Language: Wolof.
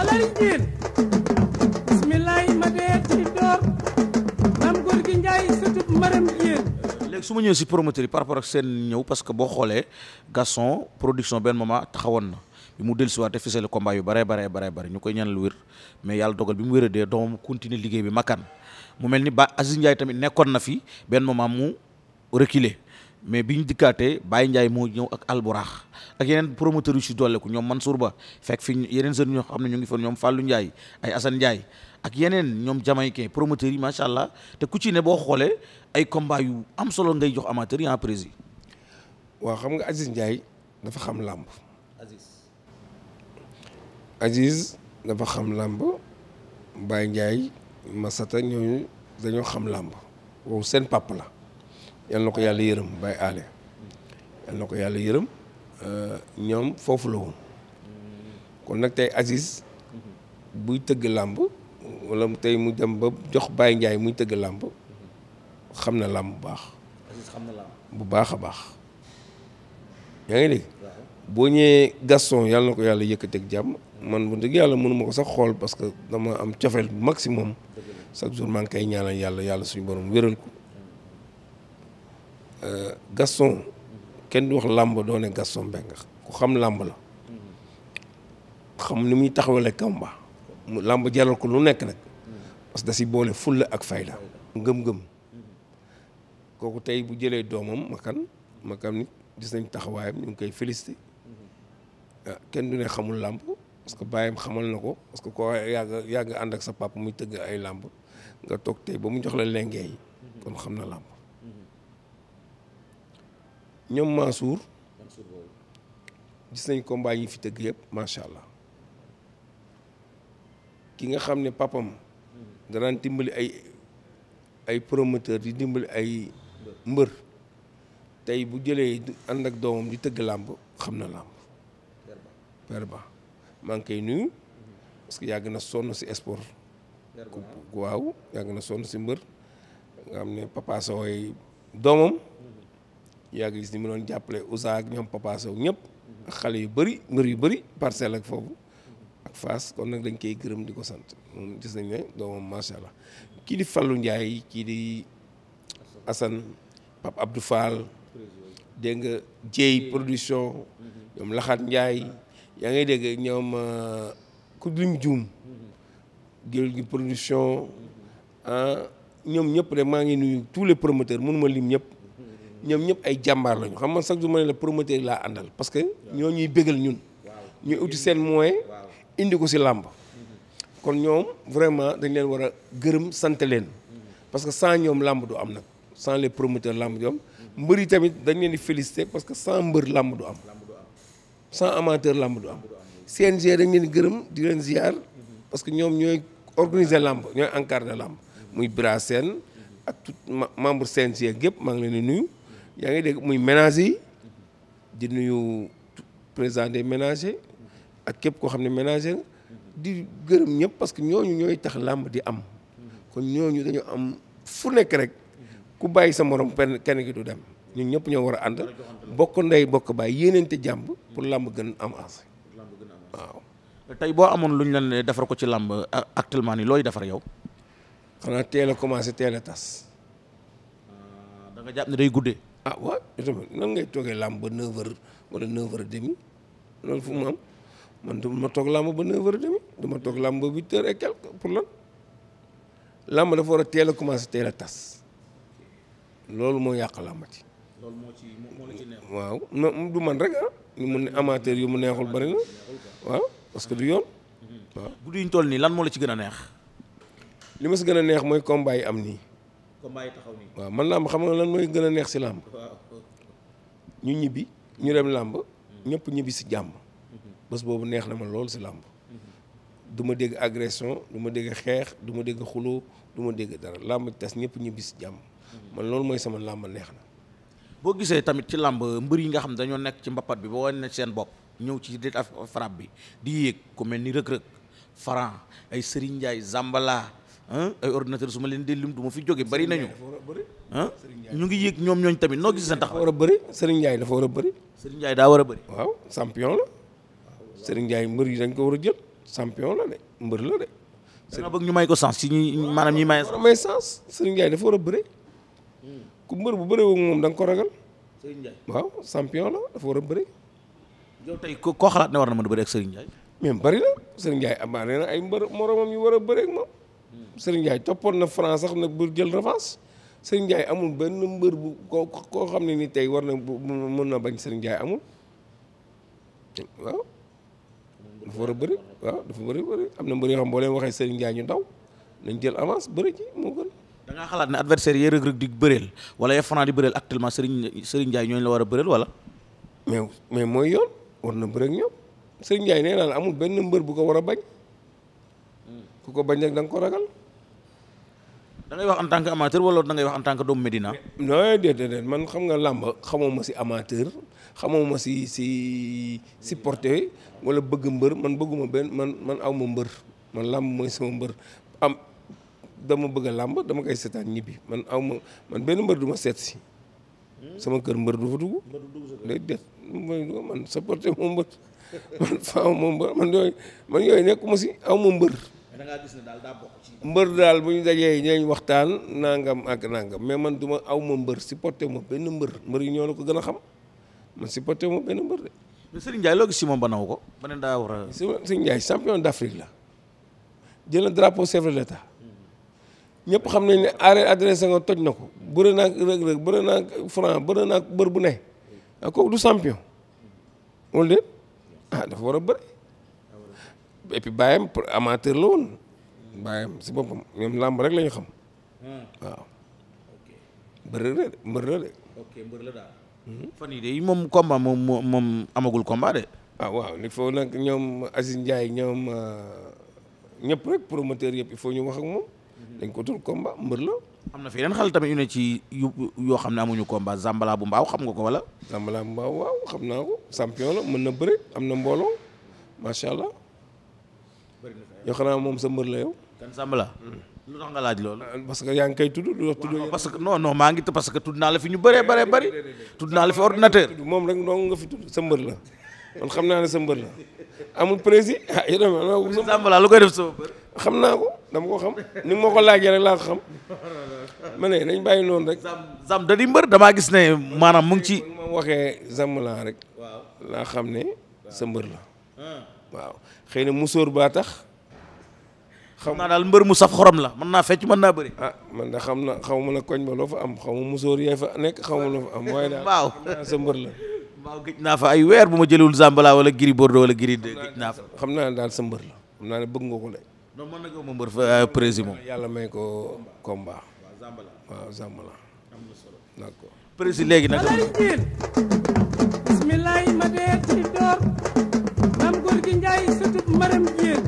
ma lay jiin bismillaay ma dee ci door maam góor gi njaay sëtub maram jiin léegi su ma ñëwee si promoteur yi par rapport ak seen ñëw parce que boo xoolee Gaston production benn moment taxawoon na bi mu dellusiwaat te fisale combat yu bare bare bare bare ñu koy ñaanal wér mais yàlla dogal bi mu wéradee doomam continuer liggéey bi makkan mu mel ni ba Aziz Ndiaye tamit nekkoon na fi benn moment mu reculer mais bi ñu dikkaatee bàyyi Ndiaye moo ñëw ak alburax ak yeneen promoteur yu si dolleku ñoom Mansour Ba fekk fi yeneen jeunes ñoo xam ne ñu ngi fa ñoom Fallou Ndiaye ay Assane Ndiaye ak yeneen ñoom jamaïcain promoteurs yi macha allah te ku ci ne boo xoolee ay combat yu am solo ngay jox amateur yi en prési waaw xam nga Aziz Ndiaye dafa xam làmb Aziz Aziz xam làmb Baye Ndiaye Masata ñooñu dañoo xam làmb wow seen papa la yal na ko yàlla yërëm Baye Ale yal na ko yàlla yërëm Euh, ñoom foofu la woon kon nag tey Aziz buy tëgg làmb wala tey mu dem ba jox Baye Ndiaye muy tëgg làmb xam na làmb bu baax. xam na làmb bu baax a baax. yaa ngi dégg boo ñëwee Gaston yàlla na ko yàlla yëkk teg jàmm man bu dëgg yàlla mënuma ko sax xool parce que dama am cofeel bu maximum chaque jour maa ngi koy ñaanal yàlla yàlla suñu borom wéral ko euh, Gaston. kenn du wax làmb doo ne Gaston Mbengue ku xam làmb la xam ni muy taxawale kamba mu làmb jaral ko lu nekk nag parce que si boole fulla ak fayda ngëm-ngëm kooku tey bu jëlee doomam makan makan nit gis nañ taxawaayam ñu ngi koy félicité ah, kenn du ne xamul làmb parce que bàyyam xamal na ko parce que ko yàgg yàgg ànd ak sa papa muy tëgg ay làmb nga toog tey ba mu jox la lengee yi kon xam na làmb ñoom Mansour gis nañ combat yi fi tëgg yëpp macha allah ki nga xam ni papam hmm. danaan dimbali ay ay promoteur di dimbali ay mbër tey bu jëlee ànd ak doomam di tëgg làmb xam na làmb père ba maa ngi koy nuyu hmm. parce que yàgg na sonn si sport ah. waaw yàgg na sonn si mbër nga xam ne papa sooy doomam hmm. yaa ngi ni mu doon jàppale Ousa ak ñoom Papa Sow ñëpp xale yu bari mbër yu bëri parcelle ak foofu ak Fass kon nag dañ koy gërëm di ko sant moom gis nañ ne doomam macha allah kii di Fallou Ndiaye kii di Assane Pape Abdou Fall dégg nga Dieye production ñoom Laxat Ndiaye yaa ngay dégg ñoom euh, ku duñ juum gél gi production ah, ñoom ñëpp rek maa ngi nuyu tous les promoteurs mënuma lim ñëpp ñoom ñëpp ay jàmbaar lañu xam man sax du ma ne la promoteur laa andal parce que ñoo ñuy bégal ñun ñu uti seen mooy indi ko si làmb kon ñoom vraiment dañ leen war a gërëm sant leen parce que sans ñoom làmb du am nag san les promoteurs làmb du am mbër yi tamit dañ leen di féliciter parce que sans mbër làmb du am san amateur làmb du am CNG dañ leen di gërëm di leen ziar parce que ñoom ñooy organiser làmb ñooy encadrer làmb muy Bira seen ak tout membre CNG gépp maa ngi leen di nuyu yaa ngi dégg muy ménages yi di nuyu président des ak képp koo xam ne ménager di gërëm ñëpp parce que ñooñu ñooy tax làmb di am kon ñooñu dañu am fu nekk rek ku bàyyi sa moroom kenn kenn ki du dem ñu ñëpp ñoo war a ànd bokk ndey bokk baay yéeneente jàmb pour làmb gën am as waaw. boo amoon lu ñu la ne defar ko ci làmb actuellement nii looy defar yow. xanaa teel a commencé teel a tas. Ah, da nga jàpp ne day guddee. ah waaw nan ngay toogee làmb ba 9h wala 9h30 loolu fu mu am man dama toog làmb ba 9 h dama toog làmb ba 8h et quelque pour lan làmb dafa war a teel a commencé teel a tas loolu moo yàq làmb ci. ci waaw du man rek ah ñu mun ne amateur yu mu neexul bari na waaw parce que du yoon. Mm-hmm. waaw bu duñ toll nii lan moo la ci gën a neex. li ma si gën a neex mooy combat yi am nii. combat taxaw nii. waaw man làmb xam nga lan mooy gën a neex si làmb. ñu ñibbi ñu dem làmb. Mm-hmm. ñëpp ñibbi si jàmm. Mm-hmm. bés boobu neex na ma lool si làmb. Mm-hmm. du ma dégg agression du ma dégg xeex du ma dégg xuloo du ma dégg dara làmb tas ñëpp ñibbi si jàmm. man loolu mooy sama làmb neex na. boo gisee tamit ci làmb mbër yi nga xam dañoo nekk ci mbappat bi ba wane seen bopp ñëw ci dit frappe bi di yéeg ku mel ni rëg-rëg Franc ay Serigne Ndiaye Zambala. ay ordinateur su ma leen dee lim du ma fi jóge bari nañu ah ñu ngi yéeg ñoom ñooñ tamit noo gis seen taxaw war a bëri Serigne Ndiaye dafa war a bëri Serigne Ndiaye daa war a bëri waaw champion la Serigne Ndiaye mbër yi dañ ko war a jël champion la de mbër la ñu may ko sens ci ñi maanaam ñi may may sens Serigne Ndiaye dafa war a bëri ku mbër bu bëree woon moom da ko ragal Serigne Ndiaye waaw champion la dafa war a bëri yow xalaat ne war na mën a bëri ak Serigne Ndiaye mais bëri na Serigne Ndiaye amaane na ay moromam yu war a bëri ak moom Serigne Ndiaye toppoon na franc sax nag bu jël revanche Serigne Ndiaye amul benn mbër bu ko koo xam ne ni tey war na mën na bañ Serigne Ndiaye war a bëri waaw am na mbër yoo boo leen waxee Serigne Ndiaye ñu daw nañ jël avance bëri ci moo gën. da ngaa xalaat di bëreel wala ya Franc di bëreel war a bëreel wala. mais mais mooy yoon war na bëri amul benn mbër bu ko war a bañ. ku ko bañ rek da ko ragal. da ngay wax en tant que amateur wala da ngay wax en tant que doomu Medina. non déedéet man xam nga làmb xamuma ci amateur si si ci supporter wala bëgg mbër man bëgguma benn man man aw ma mbër man làmb mooy sama mbër am dama bëgg a dama koy seetaan ñibbi man aw ma man benn mbër ma seet kër mbër du fa dugg. mbër du dugg déedéet man nekkuma ci aw mbër. da ngaa gis ne daal daa bokk ci. mbër daal bu ñu dajee ñooñu waxtaan nangam ak nangam mais man duma aw ma mbër supporté ma benn mbër yi ñoo la ko gën a xam ma benn mbër de. mais ba naw ko. ba ne daa war a. Serigne Ndiaye champion d'Afrique la jël xam nañ ne arrêt adressé nga toj na ko bëre naa Reug Reug bëre naa Franc bëre naa bër bu ne ah, kooku du champion. wala déet ah dafa war a bëre. et puis bàyyam amateur la woon bàyyam si boppam ñoom làmb rek la ñu xam. Hmm. waaw. mbër la de mbër la de. fan yii de moom combat moom moom amagul combat de. ah waaw il faut nag ñoom Aziz Ndiaye ñoom euh, ñëpp rek promoteur yëpp il faut ñu wax ak moom. Mhm. dañ ko tul combat mbër la. am na fi yeneen xel tamit yu ci yu yoo xam ne amuñu combat Zambala bu mbaaw xam nga ko wala. Zambala bu mbaaw waaw xam naa ko champion mën na bëre am na mbooloo macha allah. yow xanaa moom sa mbër la yow. Samba la. Hmm. lu tax nga laaj loolu. Ah, parce que yaa ngi koy tudd lu wax tudd. Ah, parce que non non maa ngi parce que tudd naa la fi ñu bëree bëree bëri. tudd naa la fi ordinateur. moom rek dong nga fi tudd sa mbër la man xam naa ne sa mbër la amul président ah, lu koy def sa xam naa ko dama ko xam ni ma ko laajee rek laa ko xam ma ne dañ bàyyi noonu rek. Zam Zam da di mbër damaa gis na maanaam mu ngi ci. ma waxee Zam laa rek. waaw laa xam ne sa mbër la. waaw xëy na musóor baa tax. xaw naa daal mbër mu saf xorom la mën naa fecc mën naa bëri. ah man da xam na xaw ma na koñ ba loo fa am xaw ma musóor yaay fa nekk xaw ma loo fa am. sa mbër la. waaw gëj naa fa ay weer bu ma jëlul Zambala wala Gris Bordeaux wala Gris xam naa daal sa mbër la xam naa ne bëgg nga ko de. non mën na ko ma yàlla may ko combat. waaw Zambala waaw Zambala. am na solo d'accord ma dee ci góor gi Njaay sëtub Maram Jéen